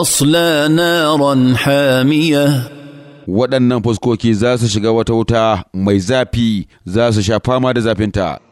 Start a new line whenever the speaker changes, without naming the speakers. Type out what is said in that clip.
تصلى نارا حامية waɗannan fuskoki za su shiga wata wuta mai zafi za su sha fama da zafinta.